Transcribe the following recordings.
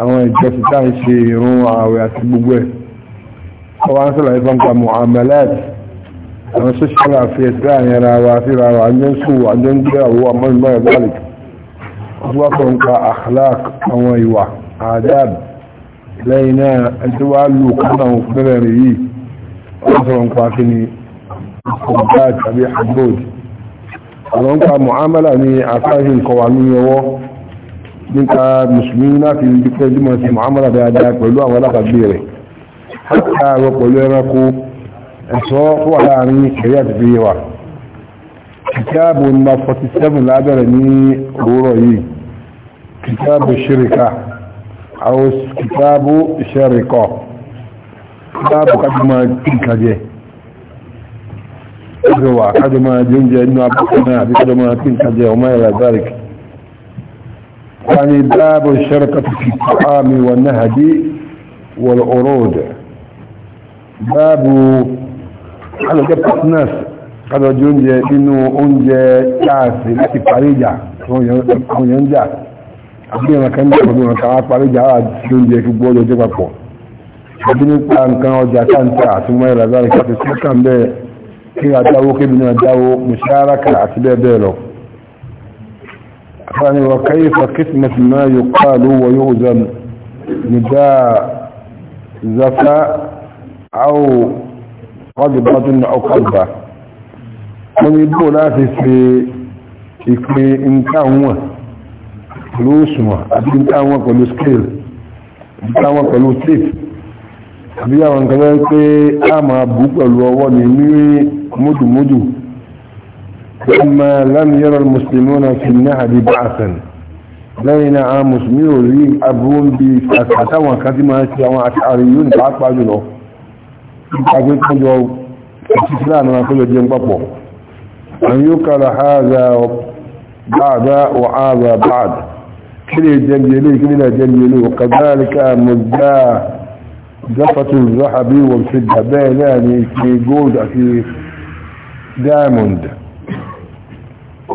àwọn ìjọsìn táà ń ṣe ìrún ààwẹ̀ àti gbogbo ẹ̀ ọwọ́ ń sọ̀rọ̀ ìfọ́n pa muamalat àwọn social affairs láàrin ara wa síra wa àjọ ń sòwò àjọ ń gbé àwọ amọ́nìmọ́ ẹ̀ garlic wọ́n wá fọ́n pa akhlaq àwọn ìwà adab lẹ́yìn nípa mùsùlùmí láti rí pípẹ́ jùmọ̀ sí muhammadu dáadáa pẹ̀lú àwọn alábàgbé rẹ̀ hátà rọ pẹ̀lú ẹranko ẹ̀ṣọ́ tó wà láàrin ẹ̀rí àti fi wà kìtàbù nà 47 lábẹ̀rẹ̀ ní òwúrọ̀ yìí kìtàbù ṣíríkà àwọn kìtàbù ṣẹ́ríkọ̀ kìtàbù kájúmọ̀ kíkàjẹ́ ẹgbẹ̀wà kájúmọ̀ jẹ́ oúnjẹ يعني باب الشركة في الطعام والنهد والعروض باب على جبهة الناس هذا جنجة إنه أنجة كاسي لكي فريجة هو ينجة أبينا كان يقولون كعاد فريجة جنجة كبولة جبهة أبينا كان كان وجه كان ساعة ثم إلى ذلك في السكن به كي أدعوه كي بنا مشاركة أتبع بيلو يعني وكيف قسمة ما يقال ويؤذن نداء زفاء أو غضبة أو قلبة من يبقوا ناسي في ìpè nǹkan wọn pẹ̀lú òṣùwọ̀n àti nǹkan wọn pẹ̀lú scale nǹkan wọn pẹ̀lú tape àbí àwọn nǹkan lọ́wọ́ pé a máa bú pẹ̀lú ọwọ́ ní ní módùmódù لما لم يرى المسلمون في النهر بعثا لين عام مسلمين لي أبون بفتحة وكذما يتعوى أشعريون بعض بعض له أقول لكم جواب استسلام أنا أقول دين بطبو أن يقال هذا بعد وهذا بعد كل جنجلي كل جنجلي وكذلك مدى زفة الذهب والفضة بيناني في جودة في دايموند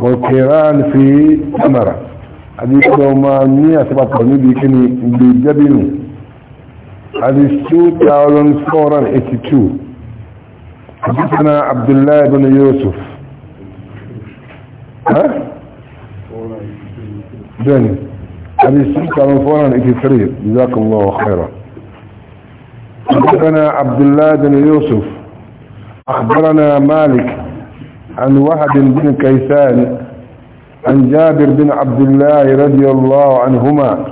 والقيران في هذه حديث مية سبعة نبي كني بجبن حديث 2482 حدثنا عبد الله بن يوسف ها؟ جاني حديث 2483 جزاك الله خيرا حدثنا عبد الله بن يوسف أخبرنا مالك عن وهب بن كيسان عن جابر بن عبد الله رضي الله عنهما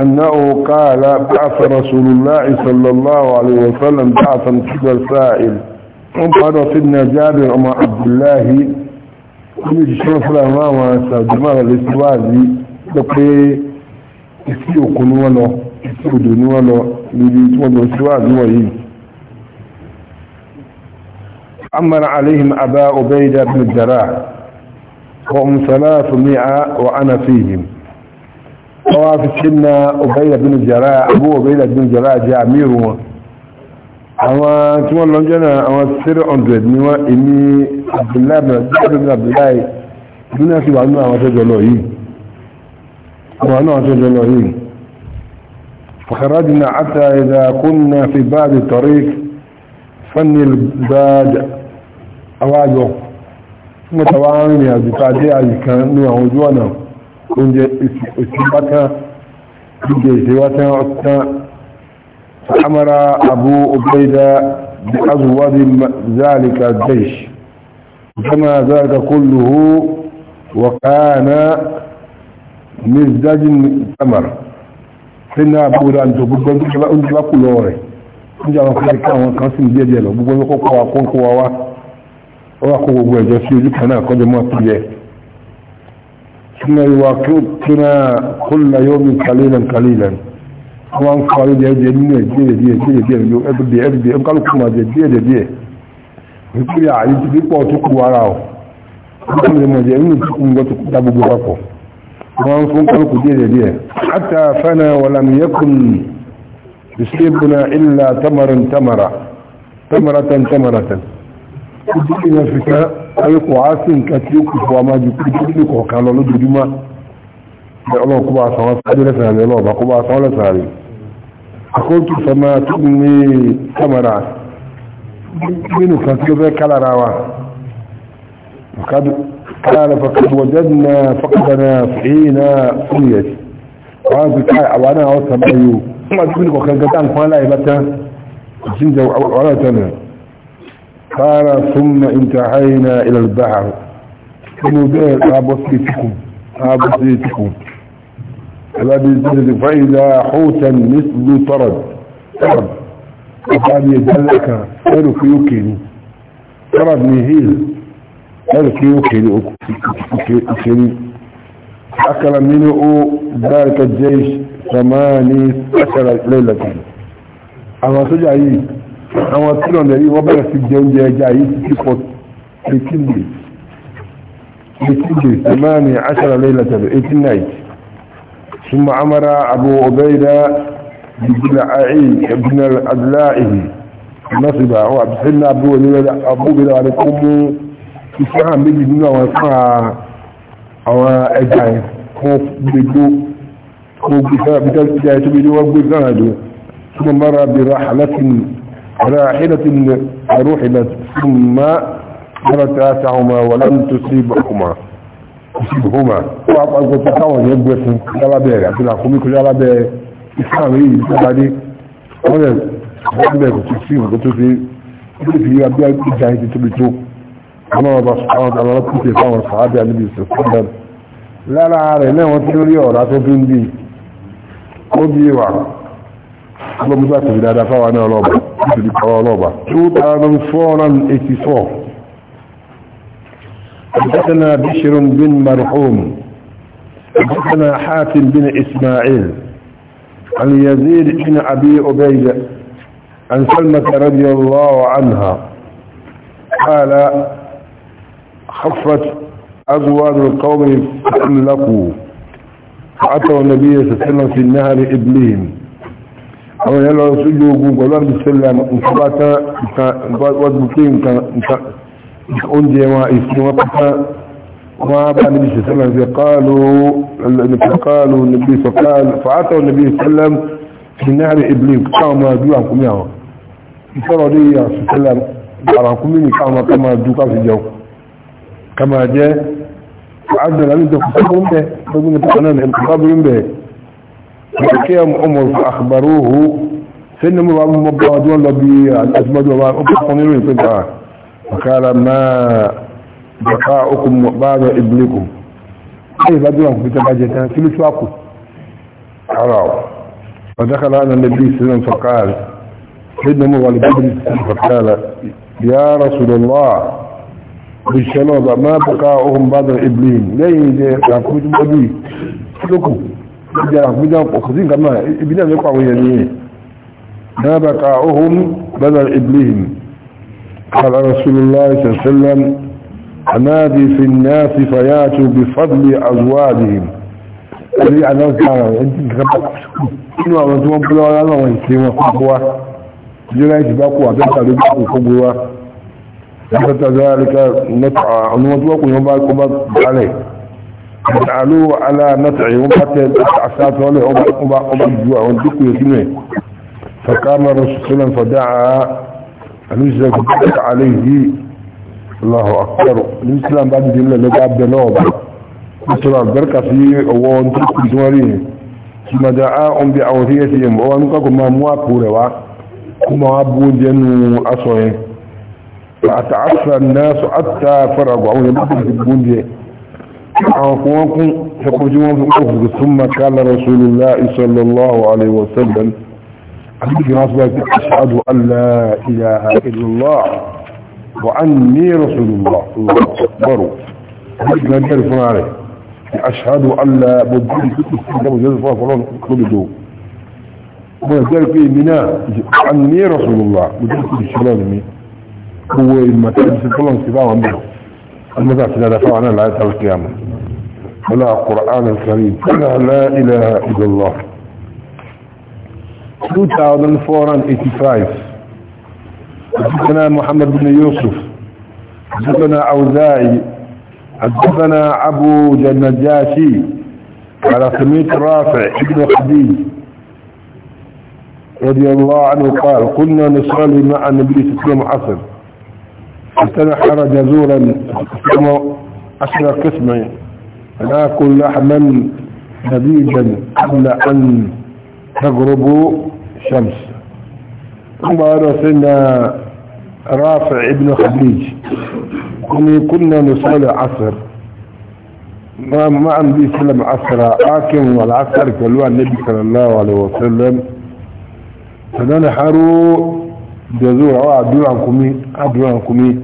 أنه قال بعث رسول الله صلى الله عليه وسلم بعثا كذا السائل أمر سيدنا جابر أم عبد الله يجي شرف الأمام سادماء الإسوازي لقي يسيو قنوانه يسيو دنوانه يجي دنوانه الإسوازي دنوانه أمن عليهم أبا عبيدة بن الجراح وهم ثلاثمائة وأنا فيهم وفي السنة عبيدة بن الجراح أبو عبيدة بن الجراح جامير أما تقول لهم جنة أما سر أندريد نوا إني عبد الله بن عبد بن عبد الله بن أسيب عنه أما تجلوه وأنا تجلوه فخرجنا حتى إذا كنا في بعض الطريق فني الباد awáyọ nígbàtà wá ń rìnrìn àjò tá a dé àyè kan ní àwọn ojú ọ̀nà oúnjẹ èsì bá tán jíjẹ ìṣèwá tán ọ̀tán amara abu ubaida bi azuwadi zalika jaish kama zalika kulluhu wa kana mizajin tamar sai na abu da an to oúnjẹ bá kú lọ rẹ̀ oúnjẹ àwọn kan wọ́n kó gbogbo ẹ̀jọ́ sí ojú kan náà kọjọ mọ́ pìyẹ sínú ìwà kíná kúlà yóò mi kalilan kalilan wọ́n ń kọ́ lóde ẹ̀jẹ̀ nínú ẹ̀jẹ̀ díẹ̀ díẹ̀ díẹ̀ díẹ̀ ẹ̀bùdíẹ̀ ẹ̀bùdíẹ̀ ẹ̀kálùkù máa jẹ díẹ̀ díẹ̀ nítorí àyè ti dípọ̀ tó kú ara ọ̀ nítorí lè mọ̀ jẹ́ inú tó kú nǹkan tó kú dá gbogbo papọ̀ wọ́n fún kálùkù díẹ̀ díẹ̀ hatta fana wàlàm yẹkùn yusibuna illa tamarin tamara tamaratan tamaratan ìdílé yẹn fi kẹ́ ayọ́kọ̀ á sí nǹkan tí ó kù fún wa máa ju kí ìdílé kọ̀ọ̀kan lọ lójoojúmọ́ ọlọ́run kó bá a sanwó sáájú lẹ́sàn-án rẹ̀ ọlọ́run bá kó bá a sanwó lẹ́sàn rẹ̀ àkóńtù sọmọ tó ń ní kámẹ́rà nínú kan tí ó fẹ́ kálára wa قال فقد وجدنا فقدنا فينا سميت قال بتاع وانا اوصل ايو ما تقول لك كان كان فانا يبتا جنجا ولا تنه قال ثم انتهينا الى البحر فنبيل ابصيتكم ابصيتكم فإذا حوتا مثل طرد طرد وقال يدلك ارك يكني طرد نهيل ارك يكني اكني اكل منه ذلك الجيش ثماني اكل ليلة اما سجعيه àwọn tí lọ́nà yìí wọ́n bẹ̀rẹ̀ sí jẹ oúnjẹ ẹja yìí títí pọ̀ eighteen days eighteen days sèmáàni ashara layla tàbí eighteen nights ثم أمر أبو عبيدة بن الأدلائه نصبا وعبد سيدنا أبو عبيدة عليكم ìṣẹ́hàn méjì nínú àwọn ẹ̀fún àwọn ẹja ẹ̀ kan gbogbo gbogbo ìṣẹ́hàn méjì tó gbogbo wọ́n gbogbo ìṣẹ́hàn àjò tí wọ́n mara bí ra aláfin راحلة رحلت ثم ترتاسعهما ولم تصيبهما تصيبهما وعطوا تتاوى يبوسن يلا بيه عبد الله قومي كل يلا بيه إسلامي إسلامي وانا وانا تصيب قطوتي في عبد الله جاهدي تبتو أما الله سبحانه وتعالى لكم تفاوى الصحابة عن النبي صلى الله عليه وسلم لا لا عارينا وانتنوري ولا تبين دي قد يوعى الله مساعد في الهدفة وانا الله حدثنا بشر بن مرحوم حدثنا حاتم بن إسماعيل عن يزيد بن أبي أبيد عن سلمة رضي الله عنها قال خفت أزواج القوم فأملكوا فأتوا النبي صلى الله عليه وسلم في النهر إبليم àwọn èèyàn lọ sójú ogun pẹ̀lú àmì sẹ́lẹ̀ nǹkan bá tán wọ́n pé nǹkan oúnjẹ wọn ìsìn wọn pátá wọn bá níbi sẹ́lẹ̀ ṣe káàlù káàlù níbi sọ̀káàlù fàátọ̀ níbi sẹ́lẹ̀ sinari iblis káwọn máa dú àkúmí àwọn ìsọ̀rọ̀ dé àṣù sẹ́lẹ̀ àràkúmí ní káwọn ká máa dú káfí jẹun ká máa jẹ́ àdàlà ní ìjọkùsọ́gbọ́n bẹ́ẹ̀ فكيهم عمر فأخبروه سن مبعب مبعد ولا بأزمد وبعد أبقنين فقال ما بقاؤكم بعد ابنكم أي بدلهم في تبعجتان كل حرام فدخل على النبي صلى الله عليه وسلم فقال سيدنا مبعد بدر فقال يا رسول الله بالشنوبة ما بقاؤهم بعد إبليم ليه يجي يقول لكم بقاؤهم بدل ابلهم قال رسول الله صلى الله عليه وسلم انادي في الناس فياتوا بفضل ازواجهم اللي انا قال انت غبك شنو هو انت مو بلوا لا وين في ما قوا جلاي باكو عبد الله بن قوا ذلك نطع عنوان وقوا يوم باكو بالي àlò alánàtàrí wọn bá tẹ àṣàtọ̀ ọlẹ́ ọba ìjú àwọn díkù ìsúnú ẹ̀ fàkàmà rọ̀sùsùlẹ̀ fọ̀dá àlúṣẹ́ kòkòrò alẹ́ yìí lọ́họ̀ àkọrọ̀ ní islam bá dìde lẹ́ lọ́gbà bẹ lọ́ọ̀bà ó sọ àbẹ́rẹ́kà sí ọwọ́ díkù ìsúnwárí yìí tí ma dá á ń bí àwọn tíyẹ́ sí ẹ̀ mọ́ wọn yẹn àtàṣà náà عفوكم فقجوا فقفوا ثم قال رسول الله صلى الله عليه وسلم عليك رسولك أشهد أن لا إله إلا الله وأني رسول الله الله أكبر لا عليك نجير فنعلي أشهد أن لا بدون كتب جزء فلان كتب ويقول في منا أني رسول الله بدل كتب شلال هو المتاجس فلان سباة وعنده المتابس لا دفعنا لعية القيامة ولا قرآن الكريم ولا لا إله إلا الله 2485 حدثنا محمد بن يوسف حدثنا أوزاعي حدثنا أبو جنجاشي على سميت رافع ابن خديج رضي الله عنه قال كنا نصلي مع النبي صلى الله عليه وسلم حتى نحر جزورا عشر قسمين ناكل لحما نبيجا قبل أن تغرب الشمس ثم ارسلنا رافع ابن خديج كنا نصلي عصر ما ما عندي سلم عصر آكم والعصر كلوا النبي صلى الله عليه وسلم فانا حرو جزور وعدوا عنكم عدوا عنكم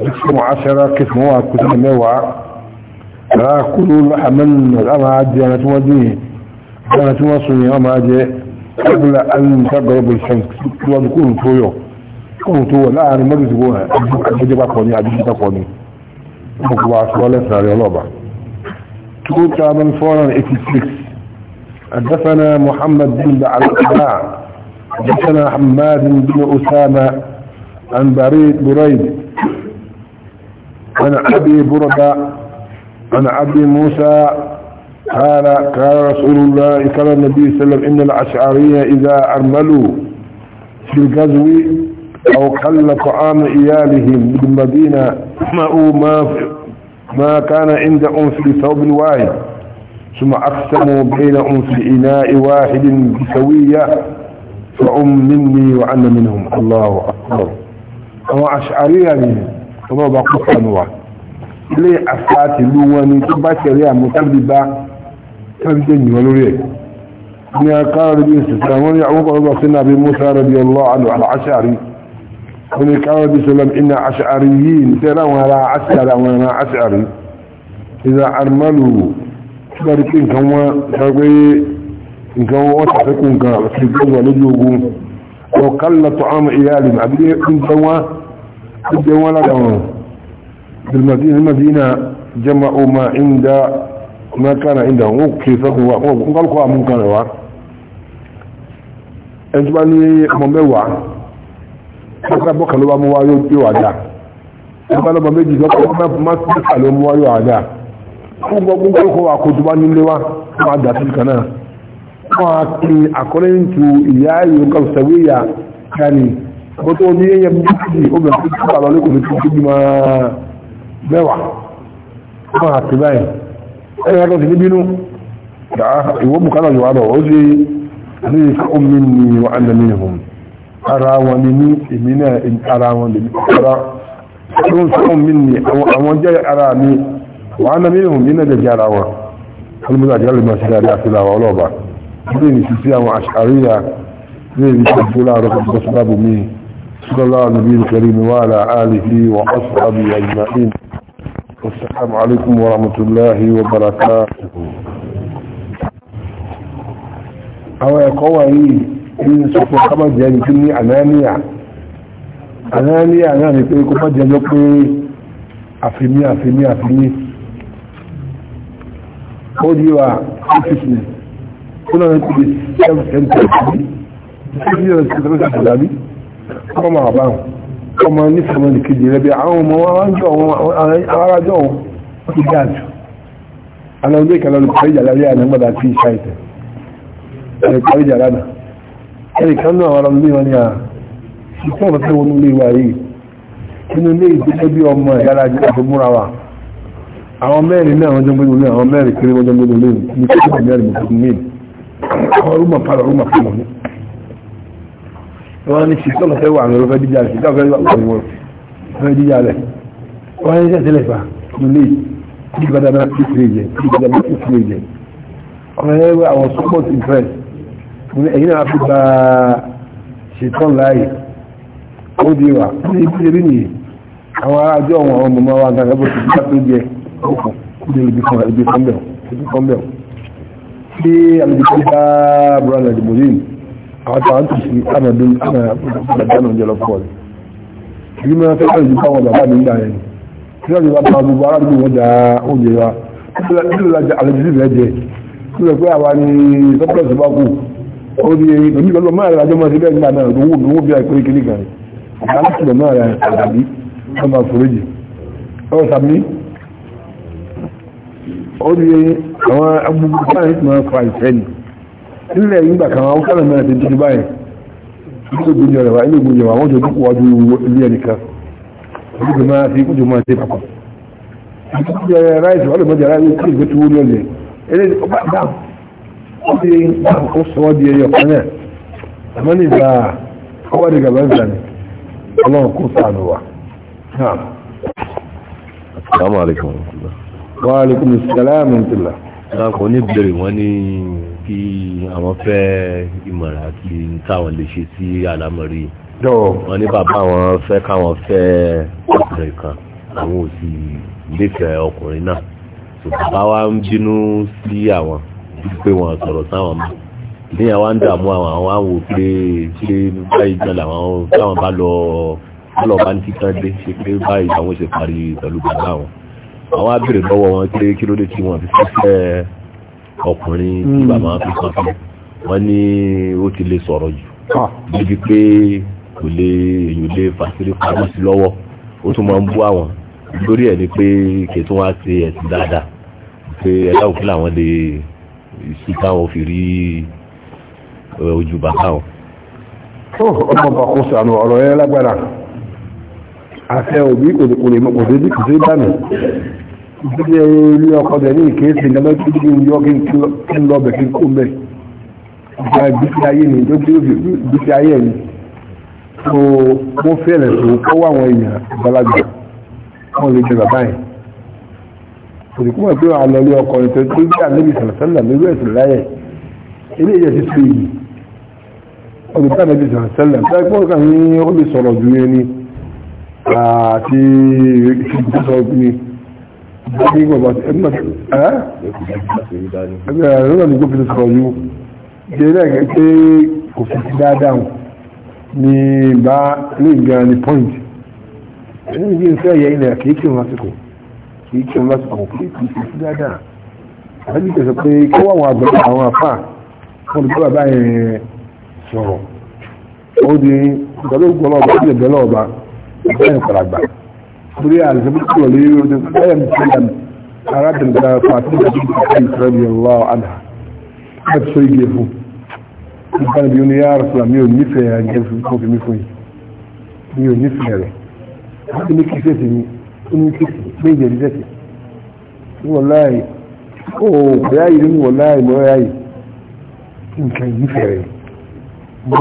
اسمه عشرة كيف هو كتنا فكلوا لحما الأمع جانا توديه جانا توصني أمع قبل أن تقرب الشمس كلوا تكونوا تويو كونوا تويو لا أنا ما بيسبوها أجيب أقوني أجيب أقوني مقبع سوالة ساري الله بعد كنت عمل فورا 86 أدفنا محمد بن القناع أدفنا حماد بن أسامة عن بريد بريد عن أبي بردة عن عبد موسى قال قال رسول الله قال النبي صلى الله عليه وسلم إن الأشعرية إذا أرملوا في الغزو أو قل طعام إيالهم بالمدينة ما ما ما كان عند انس بثوب واحد ثم أقسموا بينهم في إناء واحد بسوية فأم مني وعن منهم الله أكبر أو أشعرية يعني، منهم الله بقصة واحد ilé àṣà tìlú wọn ni tó bá ṣẹ̀rí àmútàbí bá tàbí ìwọ̀n lórí ẹ̀ ní akára rẹ̀ bí i sùsùn àwọn ní àwọn kọ̀ọ̀rọ̀ sí nàbí musa rẹ̀ bí ọlọ́ aláṣàrí wọn ni kára bí sọlọ́m iná aṣàrí yìí ní tẹ́lá wọn ara aṣàrí àwọn ara aṣàrí ìdá armalu tí wọ́n rí pé nǹkan wọn sọ pé nǹkan wọn ṣàfikù nǹkan sí gbọ́dọ̀ lójú ogun ọ̀kálà tó àmì ìyá rẹ̀ àbí بالمدينة المدينة جمعوا ما عند ما كان عندهم وكيف وقالوا من كان يوار ẹjọ́ ní ọmọ mẹ́wàá ọkọ̀ lọ́wọ́ mú wáyé yóò àdá ẹgbẹ́ lọ́mọ méjì lọ́kọ̀ mọ́sílẹ̀kà ló mú wáyé àdá fún gbogbo àkójọ wá nílé wá wọ́n àdá sí kan náà wọ́n á pè àkọ́lé ìtù ìyá ìlú kan sẹ̀wéyà kani bó tó ní ẹyẹ méjì obìnrin tó bá lọ lẹ́kọ̀ọ́ mẹ́wàá wọ́n àti báyìí ẹ̀yà tó ti ní bínú ìwọ́n bùkátà yóò wádọ̀ ó sì ní omi ni wọ́n á lẹ́mí ìhùn ara wọn ni ní èmi náà ara wọn lè ara tó ń sọ omi ni àwọn jẹ́ ara mi wọ́n á lẹ́mí ìhùn nínú ẹ̀jẹ̀ ara wọn alùpùpù àti alùpùpù àti alùpùpù السلام عليكم ورحمة الله وبركاته أو يقوى إيه إن سوف كما جاني كني أنانيا أنانيا أناني كي كما جاني كي أفهمي أفهمي أفهمي قولي وإفتني كنا نتبه سيف سنتر كما مع بعض ọmọ nífẹ̀ẹ́ ní kejì rẹ̀ bí àwọn ọmọ arájọ́ wọn ti dájú aláwọ̀dé ìkàlọ́ ní parí jàlá rí ànágbàdà tí ìṣáìtẹ̀ ẹ̀rẹ̀ parí jàlá nà ẹ̀rẹ̀ kan náà àwọn ọmọdé wọn ni à ìtọ́ ọ̀rọ̀ tí wọn lè wà yìí nínú ilé ìdílé bí ọmọ ìyára àti múra wa àwọn mẹ́rin náà wọ́n jọ gbé lulẹ̀ àwọn mẹ́rin kiri wọ́n jọ gbé lulẹ̀ ní kí wọ́n ní ṣìkọ́ lọ fẹ́ wà ní ọ̀fẹ́ jíjà rẹ̀ ṣìkọ́ fẹ́ wà ní ọ̀fẹ́ jíjà rẹ̀ wọ́n ní ṣe tẹ́lẹ̀ fà nílé ìgbàdàmà ìfìlẹ̀ ìjẹ́ ìgbàdàmà ìfìlẹ̀ ìjẹ́ ọ̀rẹ́ àwọn support interest ní ẹ̀yìn náà fi gba ṣìkọ́ láàyè ó di wà ní ibi ṣe nìyí àwọn ará ajọ́ wọn àwọn ọmọ wa gbàgbọ́ ti gbà tó jẹ òkú ní ibi kan ibi kan bẹ̀rù ibi kan bẹ̀rù àtàwọn tó fi àmàdé àmàdánù jẹ́ lọ fún ọ̀rẹ́ ìlú mẹ́rin fẹ́ kọ́ ìjùpá wọn bàbá mi ń dáyẹ̀ ni tí o ti wá bá gbogbo arábìnrin wọn da oúnjẹ wa nílò lájà àlejò rẹ̀ jẹ́ tí wọ́n pé àwa ni sọ́pọ̀lọ́sì bá kù ó di èmi lọ́lọ́ mọ́ àrẹ àjọmọ́ sí bẹ́ẹ̀ nígbà náà owó owó bí i àìpé kékeré kan àlásìlọ́ mọ́ àrẹ àdàbí wọ́n máa foréjì ọ̀ sàmí ó di àwọn agbègbè báyìí ti máa fa ìfẹ́ ni ilẹ̀ yìí gbàkan àwọn kálẹ̀ mẹ́rin ti dúdú báyìí ilé ìgbójọ rẹ̀ wá ilé ìgbójọ wá wọ́n jọ dúkù wájú ilé ẹnìkan ìgbójọ máa fi ìgbójọ máa ṣe papọ̀ ìgbójọ rẹ̀ ráìsì wọ́n lè mọ́jà ráìsì kí ìgbé tó wúlò lẹ̀ ilé ọba dáhùn ó ti dáhùn ó sọ ọ́ di ẹyọ kan náà àmọ́ ní ìgbà ọwọ́ ni gàbá ń sàn ọlọ́run kó sàánù wa. Assalamu alaikum. Wa alaikum Ṣé a kò ní bèrè wọ́n ní kí àwọn fẹ́ ìmọ̀ràn àti táwọn lè ṣe sí àlámọ̀rí wọn ní bàbá àwọn fẹ́ káwọn fẹ́ ọkùnrin kan àwọn ò sì nífẹ̀ẹ́ ọkùnrin náà tó bàbá wa ń bínú sí àwọn pé wọn sọ̀rọ̀ sáwọn mọ́ níyàn wá ń dààmú àwọn àwọn àwò pé ṣé báyìí gan làwọn táwọn bá lọ lọ bá ń títán dé ṣe pé báyìí àwọn ṣe parí pẹ̀lú bàbá àwọn àwọn á béèrè lọ́wọ́ wọn pé kí ló dé tí wọn fi fẹ́ ọkùnrin tí hmm. bàbá fi kàn fún wọn ní ó ti lè sọ̀rọ̀ jù ah. débi pé kò lè èyàn lè fàṣírí pamọ́ sí lọ́wọ́ ó tún máa ń bú àwọn lórí ẹ̀ ni pé kì í tún wá ṣe ẹ̀sìn dáadáa pé ẹ̀dá òkú làwọn lè sí káwọn fi rí ojú bàbá wọn. ọmọ bàbá kò sànù ọ̀rọ̀ yẹn lágbára àṣẹ òbí kò lè mọ̀ kò sí bá ìdílé ilé ọkọ̀ rẹ̀ ní ìkéèsì ìdáná tó dúró ní ọkọ̀ ń lọ bẹ̀ kí n kó mẹ́ ìgbà ìgbésí ayé ni tó dúró ìgbésí ayé ni tó mú fẹ́rẹ̀ tó kọ́ wà àwọn èèyàn ìbálàgbà wọn lè jẹ bàbá yẹn kò sì kúmọ̀ pé àlọ́ ilé ọkọ̀ rẹ̀ tó dúró bí àlébì sàlẹ̀sàlẹ̀ lórí ẹ̀sìn láyẹ̀ ilé ìyẹn ti fi yìí ọdún tí àlébì sàlẹ̀sàlẹ̀ tó ẹgbẹ́ ọkàn ní ó lè sọ̀rọ̀ ju yẹn ni àti ìfìdí sọ̀rọ̀ bí bàbá tí ẹgbẹ́ ẹ́ ẹgbẹ́ ẹ̀rọ ní gómìnà sọ̀rọ̀ yìí jẹ́rẹ́ ẹgbẹ́ kò fi ti dáadáa ní bá lè gbà ní point ẹni bí n fẹ́ yẹ ilẹ̀ kìí kírun lásìkò kìí kírun lásìkò kìí kìí fi dáadáa àbájú kẹsàn pé kí wọ́n àwọn àgbẹ̀ àwọn afá wọn lè bá yẹn sọ̀rọ̀ ó di ìgbàlógbọ́n ọba ìgbàlógbọ́n ọba ìgbàlógbọ́n ọba بريء الزبط وليه لا يمكن أراد فاطمة بنت رضي الله عنها قد سيجيفه كان بيقول يا رسول الله ميون نفع يا جيف كوفي مفوي ميون نفع له هذا مكيفتني مكيفتني مين جريزتي والله اوه يا يرين والله ما يا إن كان نفع له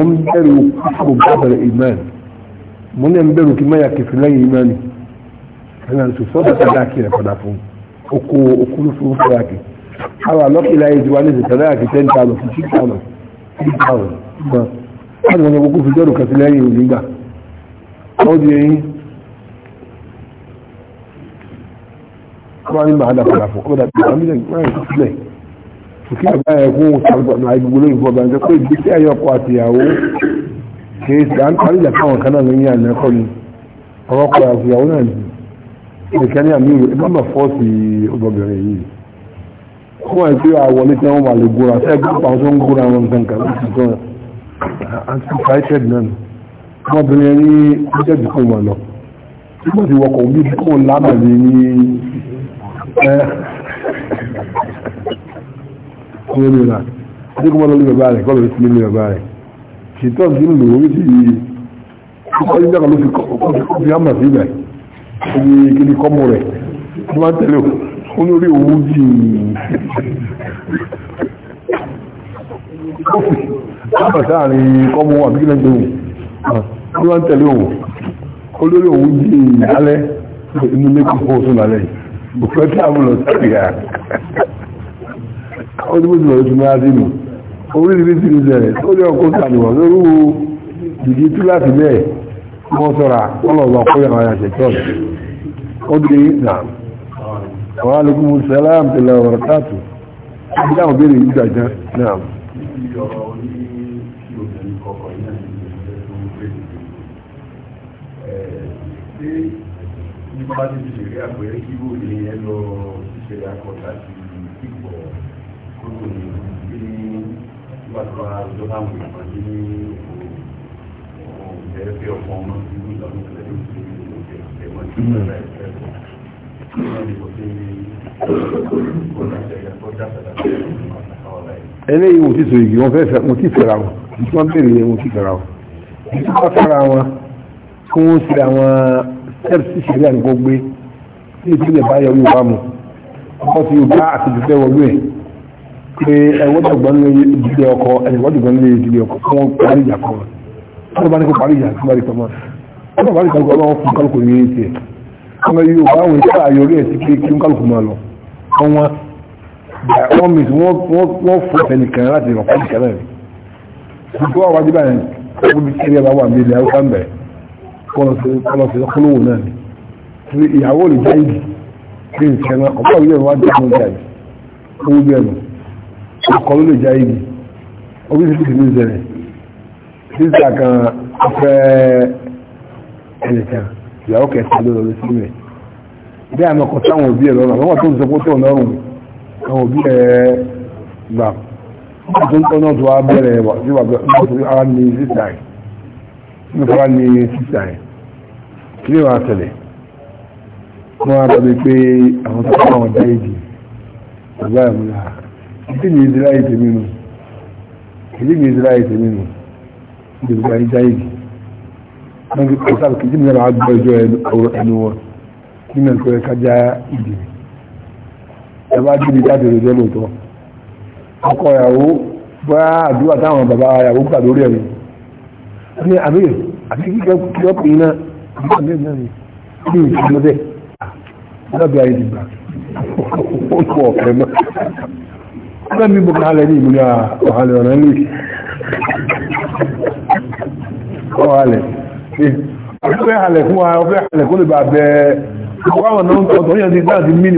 من بلو كفر بقدر إيمان من بلو كما يكفي لي إيماني ẹ̀rọ tó sọ́dọ̀ sàdáàkì rẹ̀ padà fún oko okúrú fún sàdáàkì àwọn àlọ́kìlá yìí ti wá ní sàdáàkì ten thousand fifty thousand three thousand gbọ́n láti wọn gbogbo fi jọ́rù kẹsì lẹ́yìn òní gbà ó di eyín wọ́n ní màá dà padà fún ọ̀dà tó wọ́n mílẹ̀ wọ́n yẹn sílẹ̀ òkè àgbà yẹn kún àgbà gbogbo lóyún fún ọba nígbà pé ìgbésí ayé ọkọ àtìyàwó kì í sàn kárí ìjà káwọn kan náà lóyún àná ẹ̀kẹ́ ní àmì ìwé ìbámu fọ́ọ̀sì ọgbọ̀gbẹ̀rẹ̀ yìí wọ́n wáyé pé àwọlé tí wọ́n wà lè gbóra ṣe ẹgbẹ́ pàṣẹ ń gbóra wọn nǹkan kan láti sọ antifighted náà ọmọbìnrin ẹni ọjọ́ ìdíkùn wọn lọ tí wọ́n ti wọkọ̀ bí ìdíkùn lábàlẹ̀ ní ẹ́ ọmọ mi rà adékùn wọn lọ ní bàbá rẹ̀ kọ́ lórí sílé ní bàbá rẹ̀ ṣètọ́ ìdí ń lò ti yí ọkọ̀ ìjọba ló fi kọ́ fi hàn mà sí oye kini kọ́mù rẹ̀ wọ́n máa tẹ̀lé o ní orí òun jì ó fi lábà sáàrin kọ́mù àbí kílẹ̀ gbẹ̀wò wọ́n máa o olórí òun jì alẹ́ inú mẹ́kọ̀ fún oṣù lálẹ́ òfẹ́ tí a mú lọ sí ìyá ó ti bó ti lọ sí máa dínú orí ìrísí ìrísí rẹ̀ ó lé ọkọ̀ bẹ́ẹ̀ wọ́n sọ́ra ọlọ́ọ̀bà kóyà ara ṣẹ̀tọ́ ó dé náà wà lókún sẹ́lám tẹ́lẹ̀ ọ̀rọ̀ tààtù ìdáhùn bèèrè ìgbàjá náà nípa ti ti ṣeré àpẹẹrẹ kí ó lè yẹ ẹ̀ẹ́fẹ́ ọ̀pọ̀ ọmọ ìlú ìlànà ìlẹ̀ yóò fi ẹ̀wọ̀n tí ó rẹ̀ ẹ̀ẹ́fẹ́ eléyìí wò ti sọ igi wọn fẹ́ mo ti fẹ́ra wọn tí wọ́n bèèrè yẹn mo ti fẹ́ra wọn tí wọ́n fẹ́ra wọn kí wọ́n ṣe àwọn steps ìṣẹ̀lẹ̀ àgbọ̀ gbé tí ìpínlẹ̀ bá yọ wíwá mu ọkọ̀ tí yóò bá àtijọ́ fẹ́ wọlé ẹ̀ pé ẹ̀wọ́dọ̀gbọ́n lè dìde ọkọ̀ ẹ̀wọ́dọ̀gbọ́n lè dìde ọkọ̀ fún wọn parí ìjà kan wọn ọmọ bá ní kó parí ìyá tí wọ́n rí pamọ́ ọmọ bá ní kálukú ọmọ fún kálukú ní èyí tiẹ̀ ọmọ yìí ò bá wọn ìta àyọrí ẹ̀ sí pé kí n kálukú máa lọ ọmọ wọn mìtì wọn fọ ẹnìkan láti rọ̀ fún ìkẹlẹ̀ rẹ̀ gbogbo àwọn adébá yẹn kó bí kiri ẹ̀bá wà ní ilẹ̀ haúsá ń bẹ̀ kọlọ̀sẹ̀ kọlọ̀wò náà ni ìyàwó lè já ìdì kí n kẹ́ náà ọ̀pọ̀ ìyẹn wá dé àwọn ìjà yìí ó wú bí ẹnu ọkọ̀ ló lè sísà kan afẹ́ ẹnìkan ìyàwó kẹsàn ló lọ sí rẹ̀ bí àmọ́ kò táwọn òbí ẹ̀ lọ́rùn àwọn tó ń sọ pé tó ń lọ́rùn àwọn òbí ẹ̀ gbà tó ń tọ́ náà tó wá bẹ̀rẹ̀ wà sí wà bẹ̀rẹ̀ ara ní sísà ẹ̀ ní fara ní sísà ẹ̀ kí ló máa tẹ̀lé wọ́n á dàbí pé àwọn tó kọ́ àwọn dáìdì àgbà ìmúlá ìdí ní ìdíláyè tèmi nù ìdí ní ìdíláyè tèmi gbogbo ayé jáyé ní ọ̀sáàbù kìí jẹ́ ìyára àgbọ̀ ẹjọ́ ẹnu wọn kí náà kọ́ ẹka já ìdì ẹ bá dìbì jáde lójọ́ lóòótọ́ ọkọ ìyàwó bá àdúrà táwọn bàbá ìyàwó gbà lórí ẹ̀mí ní àmìr àti kíkẹ́ kíkẹ́ pè iná ní àmìr náà ní ní ìfọmọdé lọ́bẹ̀ ayé dìgbà ó pọ̀ ọ̀pẹ̀ mọ́ ọ̀pẹ̀ mi bọ̀ kálẹ̀ ní ìmúlẹ̀ ah, ọ̀hálẹ̀ ọ̀rẹ́ lè ọ̀hálẹ̀ ọ̀fẹ́ halẹ̀ fún wa ọ̀fẹ́ halẹ̀ kó lè bà bẹ ọkọ̀wọ̀n náà ọ̀tọ̀ lọ́wọ́ kí ni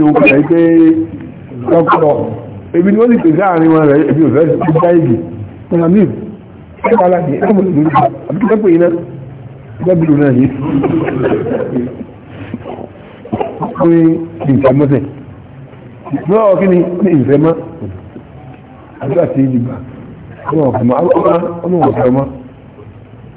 ìfẹ́ àti ọmọ ọ̀fẹ́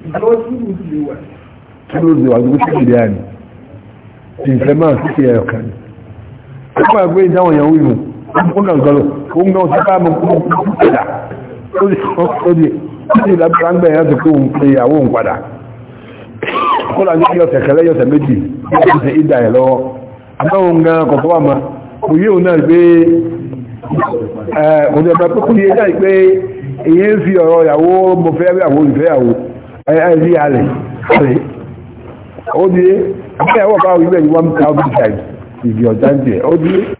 kí ló zèwà gbogbo sí ìdí àní ìfẹ́ máa sí ti ẹ̀yọ̀ kan ó pàá gbé ìdáwọn ìyàwó ìmú ó nà gọlọ ó ń gbọ́ sí bá mọ́ kúrò padà ó lè sọ ó lè sí ìlàbára ń gbẹ̀ láti kó ń pe ìyàwó ń padà kó là ní yọ̀sẹ̀ kẹlẹ́ yọ̀sẹ̀ méjì ó ti ìdá ẹ̀ lọ́wọ́ àbáwọn gan kọ̀tọ́ wà má kò yíò náà pé kò ní ọ̀pẹ́ kò yíò náà pé ìyẹn ń fi ọ̀rọ̀ ìyàwó ẹ̀ẹ́dí alẹ̀ alẹ̀ ó di ẹ́ ẹ̀wọ̀ bá wí bẹ́ẹ̀ ni one thousand times ìdí ọ̀já ń jẹ́ ó di